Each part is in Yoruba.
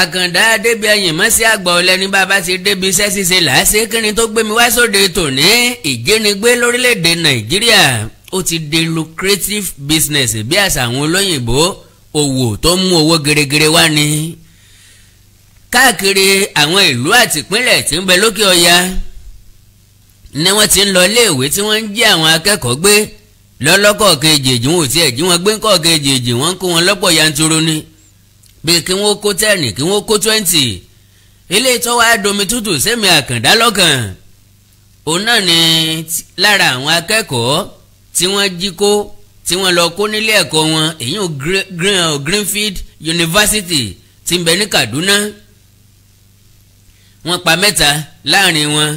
àkàndá débi ẹyìn mọ́ sí àgbà ọ̀lẹ́ni bàbá ti débi iṣẹ́ ṣíṣe làásì kírin tó gbé mi wá sóde tòní ìjínigbé lórílẹ̀‐èdè nàìjíríà ó ti di lucrative business bí àṣà àwọn olóyìnbó òwò tó mú owó gèrègèrè wá ni káàkiri àwọn ìlú àtìpínlẹ̀ tí ń bẹ lókè ọya ni wọ́n ti ń lọ iléèwé tí wọ́n ń jí àwọn akẹ́kọ̀ọ́ gbé lọ́lọ́kọ̀ọ́kan èjèèjì wọn ò tiẹ̀ jí wọn gbé ńkọ̀ọ́kan èjèèjì ń kó wọn lọ́pọ̀ yanturu ni bíi kí wọ́n kó tẹ́ẹ̀nì kí wọ́n kó twenty ilé ìtọ́wá domi tútù sẹ́mi àkàndá lọ́kàn òun náà ni lára àwọn akẹ́kọ̀ọ́ tí wọ́n jí kó tí wọ́n lọ kó nílé ẹ̀kọ́ wọn èyí ò Greenfield University tí ń bẹ ní Kaduna wọ́n pa mẹ́ta láàrin wọn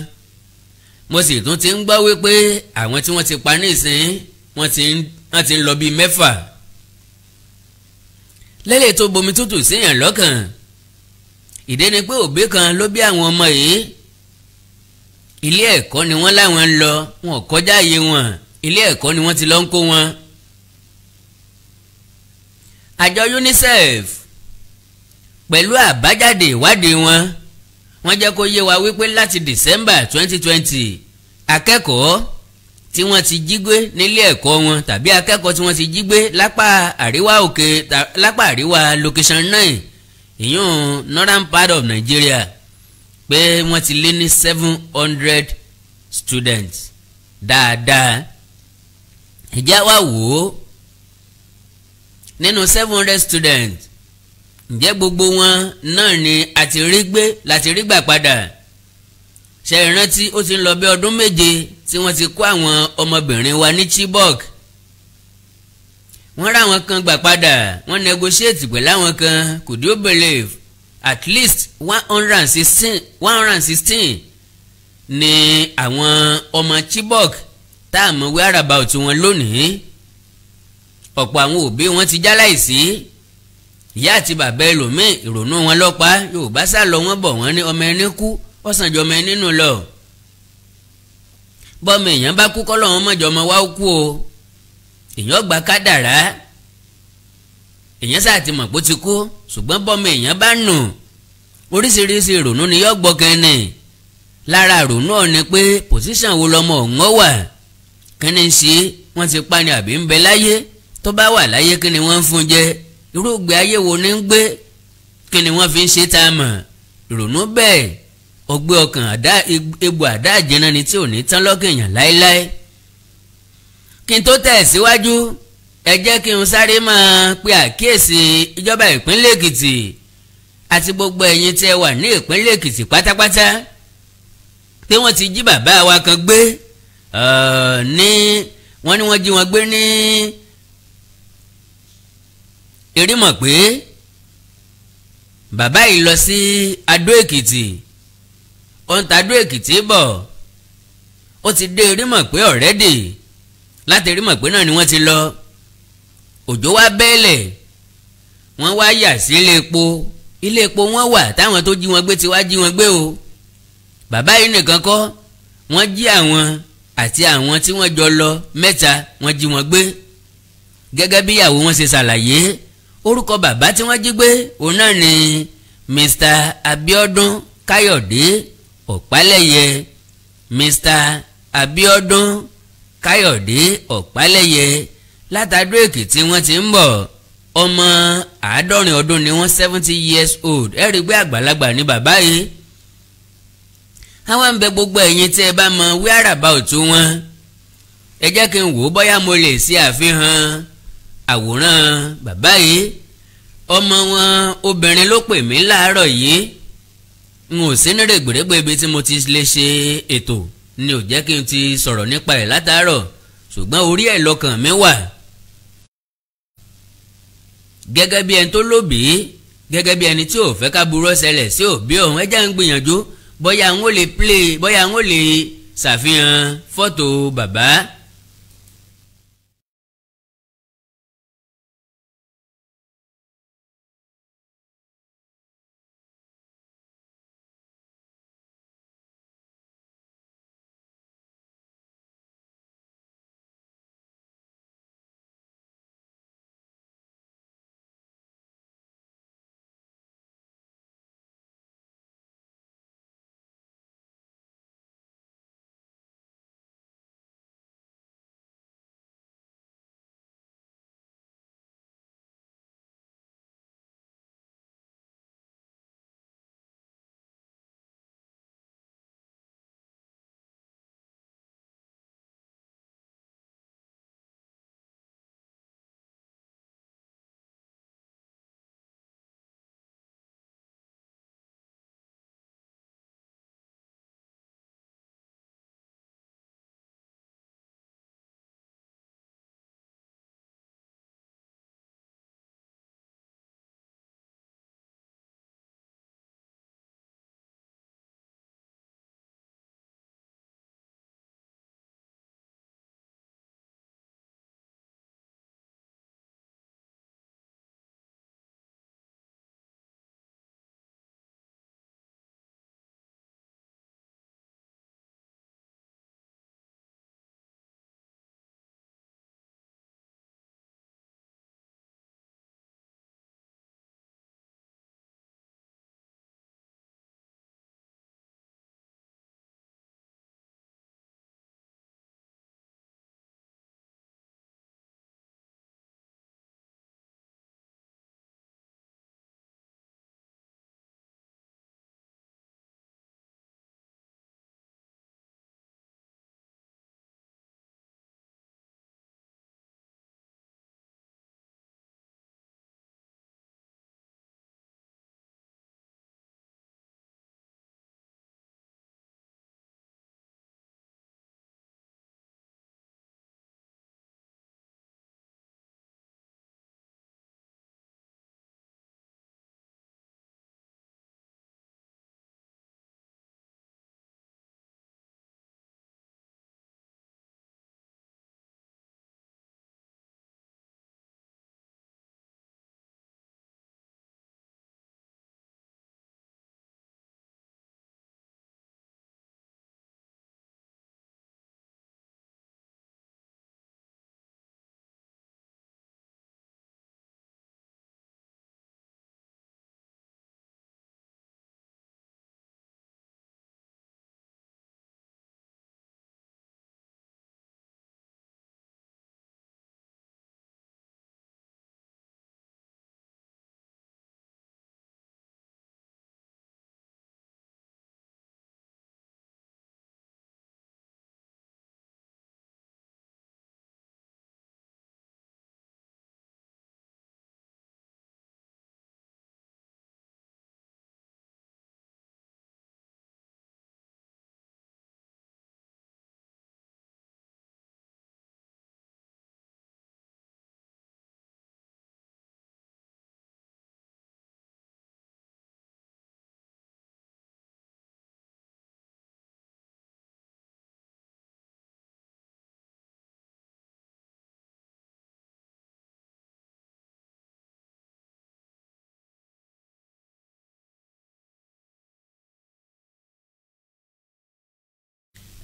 mo sì tún ti ń gbọ́ wípé àwọn tí wọ́n ti pa ní ìsìn wọ́n ti ń lọ bíi mẹ́fà lẹ́lẹ̀ tó bomi tútù séèyàn lọ́kàn ìdí ni pé òbí kan ló bí àwọn ọmọ yìí ilé ẹ̀kọ́ ni wọ́n láwọn ń lọ wọn kọjá àyè wọn ilé ẹ̀kọ́ ni wọ́n ti lọ ń kó wọn. àjọ UNICEF pẹ̀lú àbájáde ìwádìí wọn wọ́n jẹ́ kó yé wa wípé láti December 2020 akẹ́kọ̀ọ́ tí wọ́n ti jí gbé nílé ẹ̀kọ́ wọn tàbí akẹ́kọ̀ọ́ tí wọ́n ti jí gbé lápá àríwá òkè lápá àríwá location nine ìyún northern part of Nigeria pé wọ́n ti lé ní seven hundred students dáadáa ìjà wa wò ó nínú seven hundred students ǹjẹ́ gbogbo wọn náà ni a ti rí gbé láti rí gbà padà ṣe ìrántí ó ti ń lọ bí ọdún méje tí wọ́n ti kó àwọn ọmọbìnrin wa ní Chibok wọ́n ráwọn kan gbà padà wọ́n negotiate pẹ̀lú àwọn kan could you believe at least one hundred and sixteen one hundred and sixteen ni àwọn ọmọ Chibok tá a mọ̀ wí arabout wọn lónìí ọ̀pọ̀ àwọn òbí wọn ti jáláìsí ìyá àti bàbá ẹlòmíì ìrònú wọn lọ́pàá Yorùbá sá lọ wọ́n bọ̀ wọ́n ní ọmọ ẹni kú ọ̀sán jọmọ ẹ nínú lọ bọ́mọ èèyàn bá kú kọ́lọ́hún mọ̀jọ́mọ wá kú o èèyàn gba kádàrá èèyàn sáà ti mọ̀ pé ó ti kú ṣùgbọ́n bọ́mọ èèyàn bá nù oríṣiríṣi ìrònú ni yóò gbọ́ kẹ́ni lára ìrònú ọ̀ ni pé pòsíṣàn wo lọmọ ọ̀hún wà kẹ́ni ń ṣe wọ́n ti pa ni àbí ń bẹ láyé tó bá wà láyé kí ni wọ́n ń fún jẹ irúgbìn ayé wo ni ń gbé kí ni wọ́n fi ń ṣe tá a mọ̀ ìrònú ògbé ọkàn egbò àdá àjẹná ni tí ò ní tán lọ́kàn èèyàn láéláé kí n tó tẹ̀ síwájú ẹ jẹ́ kí n sáré máa pe àkíyèsí ìjọba ìpínlẹ̀ Èkìtì àti gbogbo ẹ̀yin tí ẹ wà ní ìpínlẹ̀ Èkìtì pátápátá pé wọ́n ti jí bàbá wa kan gbé ní wọ́n ní wọ́n jí wọn gbé ní erímọ̀ pé bàbá yìí lọ sí Adó Èkìtì ó ń ta dó èkìtì bọ̀ ó ti dé rímọ̀ pé ọ̀rẹ́dì láti rímọ̀ pé náà ni wọ́n ti lọ òjò wá bẹ́ẹ̀lẹ̀ wọ́n wá yà sí ilé epo ilé epo wọ́n wà táwọn tó jí wọn gbé ti wá jí wọn gbé o bàbá yìí nìkan kọ́ wọ́n jí àwọn àti àwọn tí wọ́n jọ lọ mẹ́ta wọ́n jí wọn gbé gẹ́gẹ́ bí ìyàwó wọn ṣe ṣàlàyé orúkọ bàbá tí wọ́n jí gbé òun náà ni Mr. Abiodun Kayode ọ̀pálẹ̀yẹ mr abiodun káyọ̀dé ọ̀pálẹ̀yẹ látàdó èkìtì wọ́n ti ń bọ̀ ọmọ àádọ́rin ọdún ni wọ́n seventy years old ẹ rí i pé àgbàlagbà ni bàbá yìí àwọn ń bẹ gbogbo ẹ̀yin tí ẹ bá mọ wíárà bá òtún wọn ẹ jẹ́ kí n wò ó bóyá mo lè ṣe àfihàn àwòrán bàbá yìí ọmọ wọn obìnrin ló pè mí láàárọ̀ yìí n ò sí nírè gbèrègbè ibi tí mo ti lè ṣe ètò ni ò jẹ́ kí n ti sọ̀rọ̀ nípa ẹ̀ látàárọ̀ ṣùgbọ́n orí ẹ̀ lọ́kàn mi wà. gẹ́gẹ́ bí ẹni tó lóbìí gẹ́gẹ́ bí ẹni tí ò fẹ́ ká burú ṣẹlẹ̀ sí òbí ọ̀hún ẹja ń gbìyànjú bóyá n ó play bóyá n ó lè ṣàfihàn fọ́tò bàbá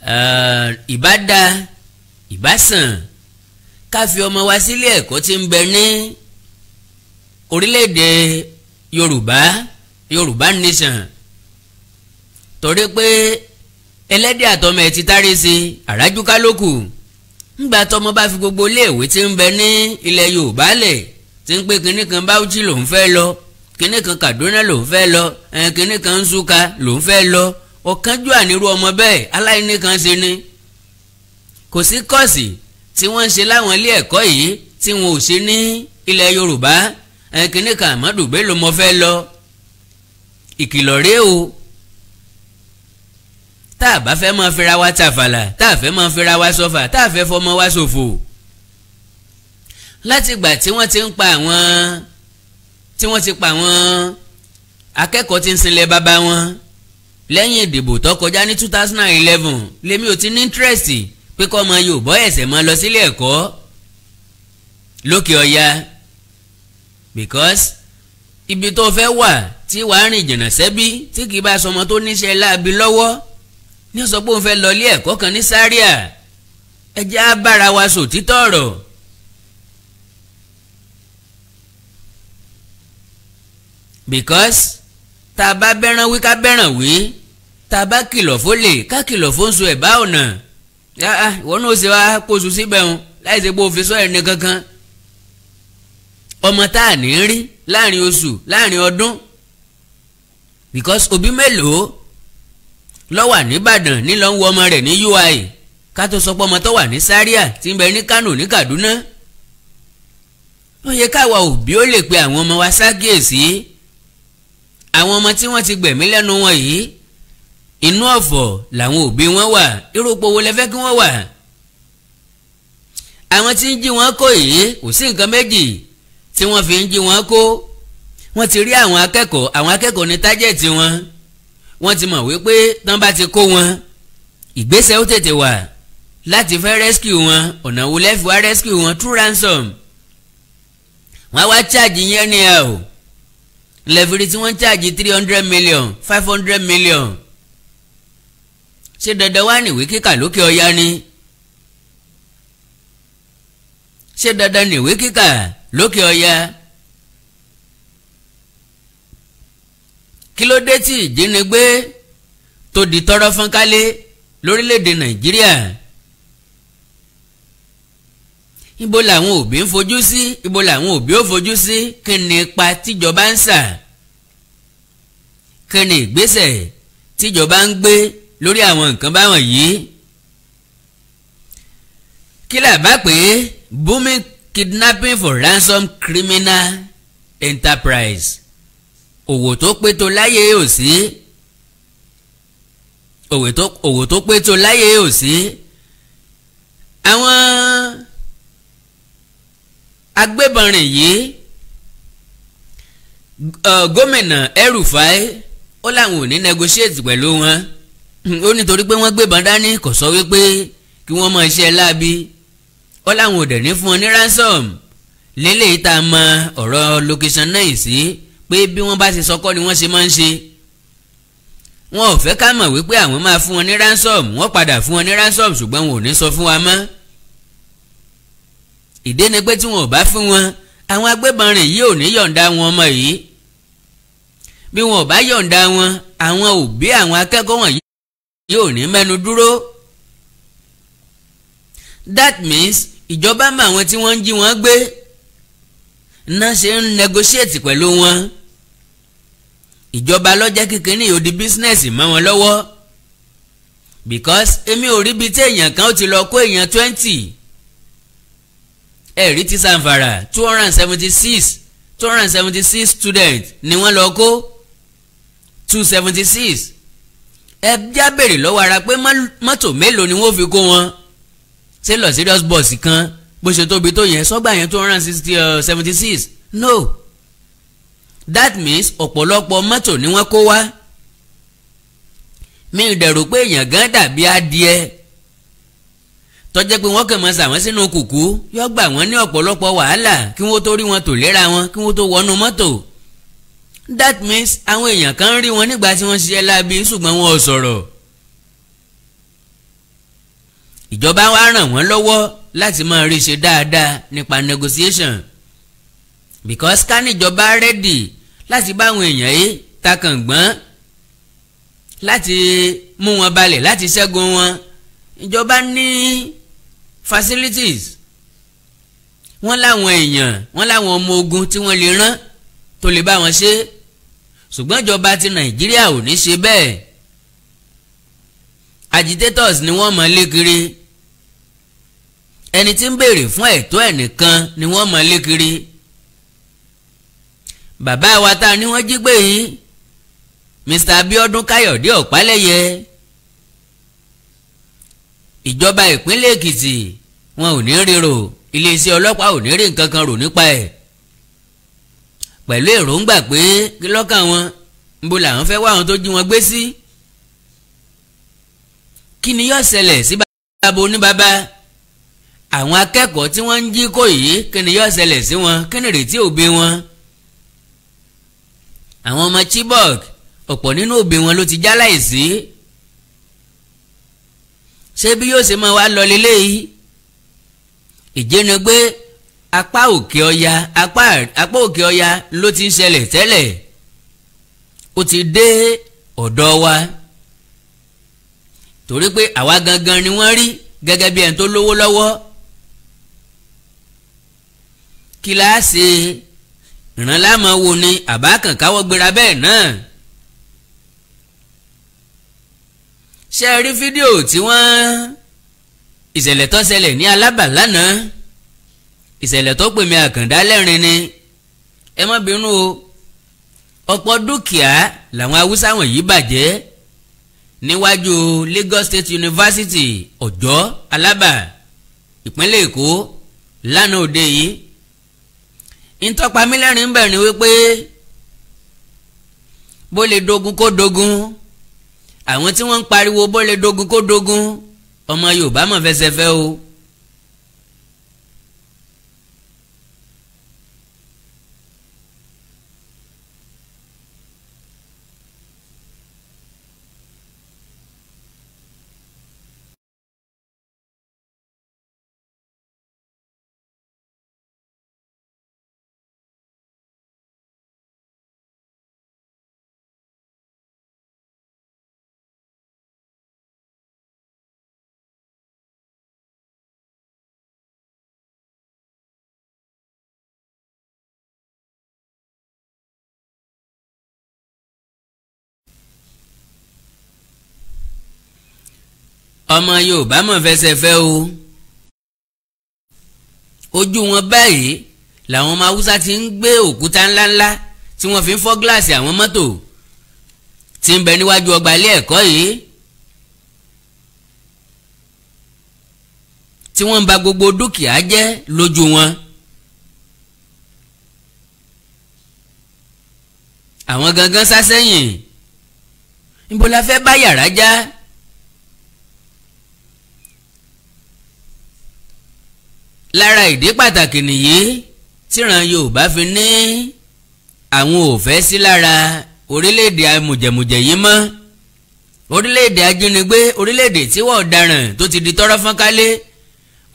Eh, ìbáda ìbásàn ká fi ọmọ wa sílé ẹ̀kọ́ tí ń bẹ ní orílẹ̀-èdè Yorùbá Yorùbá nation torí pé ẹlẹ́dẹ̀ àtọmọ ẹ̀ ti tárí sí àrájúká lókù ńgbà tọmọ bá fi gbogbo iléèwé tí ń bẹ ní ilẹ̀ Yorùbá lẹ̀ tí ń pé kinní kan Bauchi lòún fẹ́ lọ kinní kan Kaduna lòún fẹ́ lọ eh, kinní kan Nsukka lòún fẹ́ lọ ọ̀kánjú ànírú ọmọ bẹ́ẹ̀ aláìní kan ṣe ni kò sí kọ́ọ̀sì tí wọ́n ń ṣe láwọn ilé ẹ̀kọ́ yìí tí wọn ò ṣe ní ilẹ̀ Yorùbá ẹ̀kíní kan Ahmadu Bello mo fẹ́ lọ ìkìlọ̀ rèé o tá a bá fẹ́ máa fira wa tàfàlà tá a fẹ́ máa fira wa sọ́fà tá a fẹ́ fọmọ wa ṣòfò látìgbà tí wọ́n ti ń pa àwọn tí wọ́n ti pa àwọn akẹ́kọ̀ọ́ tí ń sinlẹ̀ bàbá wọn lẹ́yìn ìdìbò tó kọjá ní two thousand and eleven lèmi ò ti ní íńtírẹ́sì pé kọ́ ọmọ Yorùbá ẹ̀sẹ̀ máa lọ sílé ẹ̀kọ́ lókè ọ̀ya because ibi tó fẹ́ wà tí wàá rìn jìnnà sẹ́bí tí kì í bá sọmọ tó níṣẹ́ láabi lọ́wọ́ ní sọ pé òun fẹ́ lọ ilé ẹ̀kọ́ kan ní sáríà ẹ á bára wa sòtítọ́ ọ̀rọ̀ because tá a bá bẹ́ràn wí ká bẹ́ràn wí tá a bá kìlọ̀ fó lè ká kìlọ̀ fó ń so ẹ̀ bá ọ̀nà ìwọ náà ó ṣe wá kóṣù síbẹ̀ ń láì ṣe pé o fi sọ ẹni kankan ọmọ tá a ní rí láàrin oṣù láàrin ọdún because òbí mélòó ló wà nìbàdàn nílọ ń wo ọmọ rẹ̀ ní UI ká tó sọ pé ọmọ tó wà ní Zaria tí ń bẹ ní Kano ní Kaduna ó yẹ káwa òbí ó lè pe àwọn ọmọ wa ságíyèsí. Si àwọn ọmọ tí wọ́n ti gbẹ̀mí lẹ́nu wọn yìí inú ọ̀fọ̀ làwọn òbí wọn wà irúpò wo lẹ́fẹ́ kí wọ́n wà àwọn tí ń jí wọn kó yìí kò sí nǹkan méjì tí wọ́n fi ń jí wọn kó wọ́n ti rí àwọn akẹ́kọ̀ọ́ àwọn akẹ́kọ̀ọ́ ní tájẹ̀tì wọn wọ́n ti mọ̀ wípé tán bá ti kó wọn ìgbésẹ̀ ó tètè wà láti fẹ́ rescue wọn ọ̀nà wo lẹ́fì wá rescue wọn true ransom wọ́n á wá charge yẹn ní ẹ̀ o lẹ́fìrí tí wọ́n ń ṣáàjì three hundred million five hundred million ṣé dandan wá nìwé kíkà lókè ọ̀yá ni ṣé dandan nìwé kíkà lókè ọ̀yá kí ló dé tí ìjínigbé tó di tọrọ fọ́nkálé lórílẹ̀‐èdè nàìjíríà ibo làwọn òbí ń fojú sí ibo làwọn òbí ó fojú sí kí ni ipa tíjọba ń sà kí ni ìgbésẹ̀ tíjọba ń gbé lórí àwọn nǹkan báwọn yìí kí là bá pé booming kidnapping for ransom criminal enterprise òwò tó pé tó láyé ò sí òwò tó pé tó láyé ò sí àwọn agbébọnrin yìí gómìnà El-Rufai ó láwọn ò ní negotiate pẹ̀lú wọn ó nítorí pé wọ́n gbébọn dání kò sọ wípé kí wọ́n máa ṣe láabi ó láwọn ò dẹ̀ fún wọn ní ransom lélẹ́yìí tá a mọ ọ̀rọ̀ location náà yìí sí pé bí wọ́n bá ṣe sọkọ́ ni wọ́n ṣe máa ń ṣe wọn ò fẹ́ ká mọ̀ wípé àwọn máa fún wọn ní ransom wọ́n padà fún wọn ní ransom ṣùgbọ́n wọn ò ní sọ fún wa mọ́ ìdí ni pé tí wọn ò bá fún wọn àwọn agbébọn rìn yìí ò ní yọ̀ǹda wọn ọmọ yìí bí wọn ò bá yọ̀ǹda wọn àwọn òbí àwọn akẹ́kọ̀ọ́ wọn yìí ò ní mẹ́nu dúró that means ìjọba mọ àwọn tí wọ́n ń jí wọn gbé náà ṣe ń negotiate pẹ̀lú wọn ìjọba lọ́jẹ́ kékeré yóò di bísínẹ́sì mọ́ wọn lọ́wọ́ because èmi ò ríbi tí èèyàn kan ó ti lọ kó èèyàn twenty ẹ̀rí ti Zamfara two hundred and seventy six two hundred and seventy six students ni wọ́n lọ kó two seventy six ẹ já béèrè lọ́wọ́ ara pé mọ́tò mélòó ni wọ́n fi kó wọn ṣé lọ serious bus kan bó ṣe tóbi tó yẹn sọ́gbà yẹn two hundred and sixty uh, seventy six no that means ọ̀pọ̀lọpọ̀ mọ́tò ni wọ́n kó wá mi ì dẹ̀rù pé èèyàn gan dàbí adìẹ tọ́jẹ́ pé wọ́n kàn mọ́ sà wọ́n sínú kùkú yọ gbà wọ́n ní ọ̀pọ̀lọpọ̀ wàhálà kí wọ́n tó rí wọn tò lera wọn kí wọ́n tó wọnú mọ́tò that means àwọn èèyàn kan rí wọn nígbà tí wọ́n ṣiṣẹ́ láabi ṣùgbọ́n wọn ò sọ̀rọ̀ ìjọba wa ràn wọ́n lọ́wọ́ láti máa rí ṣe dáadáa nípa negotiation because ká níjọba rẹ́dì láti bá àwọn èèyàn yìí takàngbọ́n láti mú wọn balẹ̀ láti ṣẹ́gun wọn ìjọba ní facilities wọ́n láwọn èèyàn wọ́n láwọn ọmọ ogun tí wọ́n lè rán tó lè bá wọn ṣe ṣùgbọ́n ìjọba ti nàìjíríà ò ní ṣe bẹ́ẹ̀ agitators ni wọ́n mọ̀ lé kiri ẹni tí ń béèrè fún ẹ̀tọ́ ẹnìkan ni wọ́n mọ̀ lé kiri bàbá wa ta ni wọ́n jí gbé yìí Mr. Abíọ́dún Káyọ̀dé Ọ̀pálẹ́yẹ ìjọba ìpínlẹ̀ èkìtì wọn ò ní ríro iléeṣẹ́ ọlọ́pàá ò ní rí nǹkan kan rò nípa ẹ̀ pẹ̀lú èròǹgbà pé kí lọ́kàn wọn níbo làwọn fẹ́ wá àwọn tó jí wọn gbé sí kí ni yóò ṣẹlẹ̀ sí bàbá oníbàbá àwọn akẹ́kọ̀ọ́ tí wọ́n ń jí kó yìí kí ni yóò ṣẹlẹ̀ sí wọn kí ni ìrètí òbí wọn àwọn ọmọ Chibok ọ̀pọ̀ nínú òbí wọn ló ti já láìsí ṣé bí yóò ṣe máa wá lọ leléyìí ìjẹnugbé apá òkè ọya apá apá òkè ọya ló ti ń ṣẹlẹ̀ tẹ́lẹ̀ ó ti dé ọ̀dọ̀ wa torí pé àwa gangan ni wọ́n rí gẹ́gẹ́ bí ẹni tó lówó lọ́wọ́ kíláàsì ìrànlámọ̀ wo ni àbá kan káwọ́ gbéra bẹ́ẹ̀ náà. ṣe rí fídíò tí wọ́n ìṣẹ̀lẹ̀ tó ṣẹlẹ̀ ní Alábà lánàá ìṣẹ̀lẹ̀ tó pèmí Àkàndá lẹ́rìn ni ẹ má bínú o ọ̀pọ̀ dúkìá làwọn Haúsá wọ̀nyí bàjẹ́ níwájú Lagos State University Ọ̀jọ́ Alábà ìpínlẹ̀ Èkó lánàá òde yìí ntọ́pamílẹ́rìn ń bẹ̀rẹ̀ wípé bó lè dogun kó dogun àwọn tí wọ́n ń pariwo bó lè dogun kó dogun ọmọ Yorùbá mọ̀ fẹsẹ̀fẹ́ o. ọmọ Yorùbá mọ̀ fẹsẹ̀ fẹ́ o ojú wọn báyìí làwọn ọmọ Haúsá ti ń gbé òkúta ńláńlá tí wọ́n fi ń fọ́ gíláàsì àwọn mọ́tò tí ń bẹ níwájú ọgbà ilé ẹ̀kọ́ yìí tí wọ́n ń ba gbogbo dúkìá jẹ́ lójú wọn. àwọn gangan sá sẹ́yìn níbo la fẹ́ bá yàrá já. Ja? lára ìdí pàtàkì nìyí tíran Yorùbá fi ní àwọn ò fẹ́ sí lára orílẹ̀-èdè amùjẹ̀mùjẹ̀ yìí mọ́ orílẹ̀-èdè ajínigbé orílẹ̀-èdè tíwọ́ ọ̀daràn tó ti di tọ́rọ́ fọ́n kálé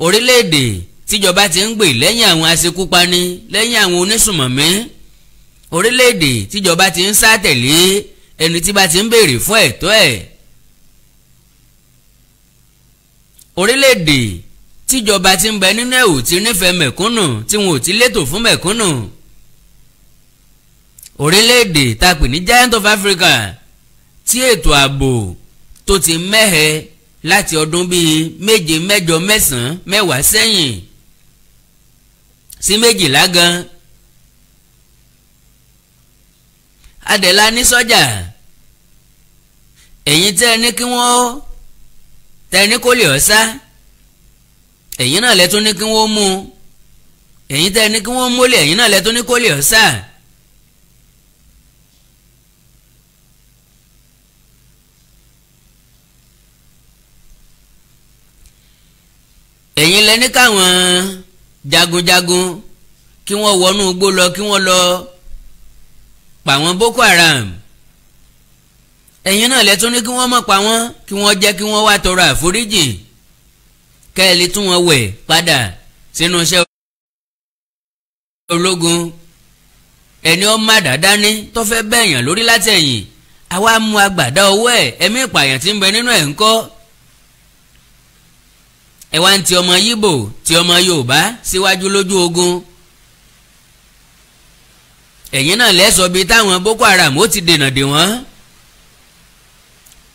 orílẹ̀-èdè tíjọba ti ń gbè lẹ́yìn àwọn aṣekúpani lẹ́yìn àwọn onísùmọ̀mí orílẹ̀-èdè tíjọba ti ń sá tẹ̀lé ẹni tí bá ti ń béèrè fún ẹ̀tọ́ ẹ̀ orílẹ̀-èdè tíjọba ti ń bẹ nínú ẹ̀ ò ti nífẹ̀ẹ́ mẹ̀kúnnù tí wọn ò ti létò fún mẹ̀kúnnù orílẹ̀-èdè tá pè ní giant of Africa tí ètò ààbò tó ti mẹ́hẹ láti ọdún bíi méje mẹ́jọ mẹ́sàn-án mẹ́wàá sẹ́yìn sí méjìlá gan adẹ̀la ní sọ́jà ẹ̀yin tẹ́ ẹ ní kí wọ́n tẹ́ ẹ ní kó lè ọ́ sá ẹ̀yin náà lẹ́tún ní kí wọ́n mú un ẹ̀yin tẹ́ ní kí wọ́n mú lé ẹ̀yin náà lẹ́tún ní kó lè ọ̀sà. ẹ̀yin lẹ́ní káwọn jagunjagun kí wọ́n wọnú igbó lọ kí wọ́n lọ pa wọ́n Boko Haram ẹ̀yin náà lẹ́tún ní kí wọ́n má pa wọ́n kí wọ́n jẹ́ kí wọ́n wá tọrọ àforíjì kẹ́ẹ̀lì tún wọn wẹ̀ padà sínú iṣẹ́ ológun ẹni ó má dáadáa ní tó fẹ́ bẹ̀yàn lórí látẹ̀yìn àwa mú agbàdá ọwọ́ ẹ̀ ẹ̀mí ìpààyàn tí ń bẹ nínú ẹ̀ ń kọ́ ẹ wá ń ti ọmọ yíbò ti ọmọ yorùbá síwájú lójú ogun ẹ̀yin náà lẹ́sọ̀ bíi táwọn boko haram ó ti dènà dè wọ́n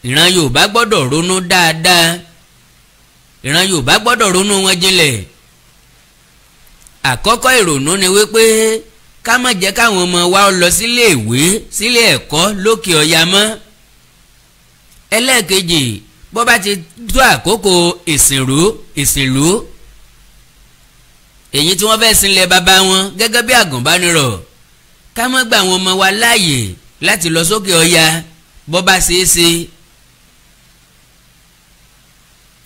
ìran yorùbá gbọ́dọ̀ ronú dáadáa ìran Yorùbá gbọ́dọ̀ ronú wọn jinlẹ̀ àkọ́kọ́ ìrònú ni wípé ká má jẹ́ káwọn ọmọ wa lọ sílé ìwé sílé ẹ̀kọ́ lókè ọ̀yà mọ́ ẹlẹ́ẹ̀kejì bó bá ti tó àkókò ìsìnrú ìsìnlú èyí tí wọ́n fẹ́ sinlẹ̀ bàbá wọn gẹ́gẹ́ bí àgùnbánirọ̀ ká má gba àwọn ọmọ wa láàyè láti lọ sókè ọ̀yà bó bá ṣeé ṣe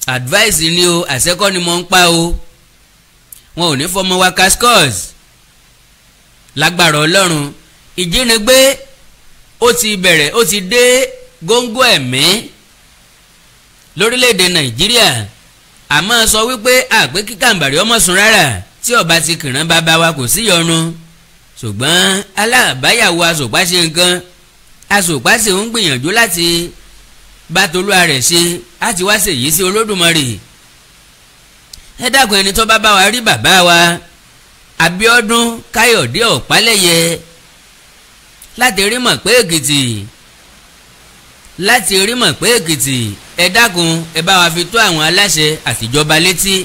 advice ni o àṣekọ́ ni mo ń pa o wọn ò ní fọmọ wa cascos lágbára ọlọ́run ìjínigbé ó ti bẹ̀rẹ̀ ó ti dé góńgó ẹ̀mí lórílẹ̀‐èdè nàìjíríà àmọ́ sọ wípé àpé kíkàǹbàrí ọmọ sùn rárá tí ọba ti kìrán bàbá wa kò sí yọnu ṣùgbọ́n aláàbáyàwó asòpáṣe nǹkan asòpáṣe ń gbìyànjú láti bá tolúwa rẹ̀ ṣe á ti wá ṣèyí sí olódùmarè ẹ dákun ẹni tó bá bá wa rí bàbá wa Abíọ́dún Káyọ̀dé Ọ̀pálẹ̀yẹ láti rí mọ̀ pé Èkìtì láti rí mọ̀ pé Èkìtì ẹ dákun ẹ bá wa fi tó àwọn aláṣẹ àtijọba létí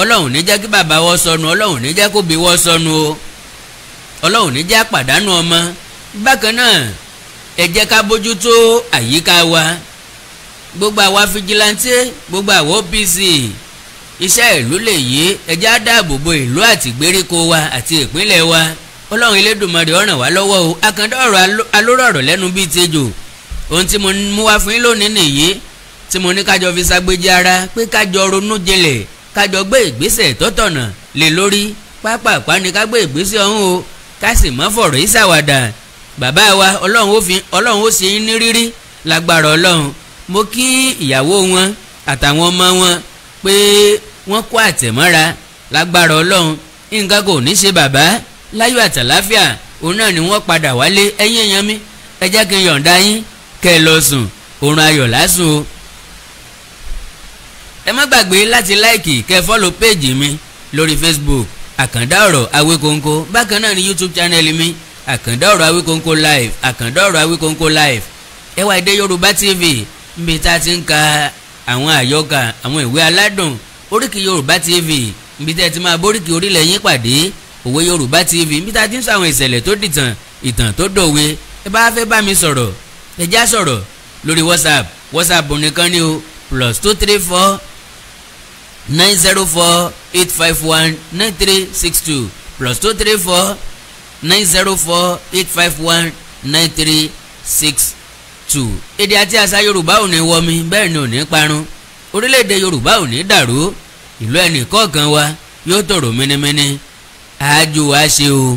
Ọlọ́run ní jẹ́ kí bàbá wọ́ sọnù Ọlọ́run ní jẹ́ kó bí wọ́ sọnù o Ọlọ́run ní àpàdánù ọmọ bákan náà ẹ jẹ́ ká bójútó àyíká wa gbogbo àwa fìjìláńtì gbogbo àwa OPC iṣẹ́ ìlú lè yí ẹjẹ́ á dáàbò bo ìlú àti ìgbèríko wa àti ìpínlẹ̀ wa ọlọ́run elédùnmarè ó ràn wá lọ́wọ́ o àkàndá ọ̀rọ̀ alórọ̀rọ̀ lẹ́nu bíi tejò ohun tí mo mú wá fún yín lónìí nìyí tí mo ní kájọ fi ságbéjì ara pé kájọ ronú jinlẹ̀ kájọ gbé ìgbésẹ̀ tọ́tọ̀nà lé lórí pápápá ni ká gbé ìgbésẹ̀ ọ̀hún o ká sì mọ́ fọ̀rọ̀ yìí bàbá wa ọlọ́run ó sì yín ní rírí lágbára ọlọ́run mo kí ìyàwó wọn àtàwọn ọmọ wọn pé wọ́n kó àtẹ̀mọ́ra lágbára ọlọ́run nǹkan kò ní ṣe bàbá láyọ̀ àtàláfíà òun náà ni wọ́n padà wálé ẹ̀yìn èèyàn mi ẹ jẹ́ kí n yọ̀ǹda yín kẹ́ ẹ lọ sùn oorun ayọ̀ lásùn o. ẹ má gbàgbé láti láìkì kẹ́ ẹ fọ́lọ̀ péèjì mi lórí Facebook àkàndá ọ̀rọ̀ awékòǹkò bákan náà ni YouTube channel mi àkàndá ọ̀rọ̀ awékòǹkò live àkàndá ọ̀rọ̀ awékòǹkò live ẹ wá ìdè Yorùbá TV níbi tá a ti ń ka àwọn àyọkà àwọn ìwé aládùn oríkì Yorùbá TV níbi tá a ti máa bóríkì orílẹ̀ yín pàdé òwe Yorùbá TV níbi tá a ti ń sọ àwọn ìṣẹ̀lẹ̀ tó dìtàn ìtàn tó dòwe ẹ bá fẹ́ bá mi sọ̀rọ̀ ẹ já sọ̀rọ̀ lórí WhatsApp WhatsApp nìkan ni o plus two three four nine zero four eight five one nine three six two plus two three four nine zero four eight five one nine three six tù èdè àti àṣà yorùbá ò ní wọmi bẹ́ẹ̀ ni ò ní parun orílẹ̀-èdè yorùbá ò ní dàrú ìlú ẹnì kọ̀ọ̀kan wa yóò tòrò mẹ́nẹ́mẹ́nẹ́ àájò wa ṣe o.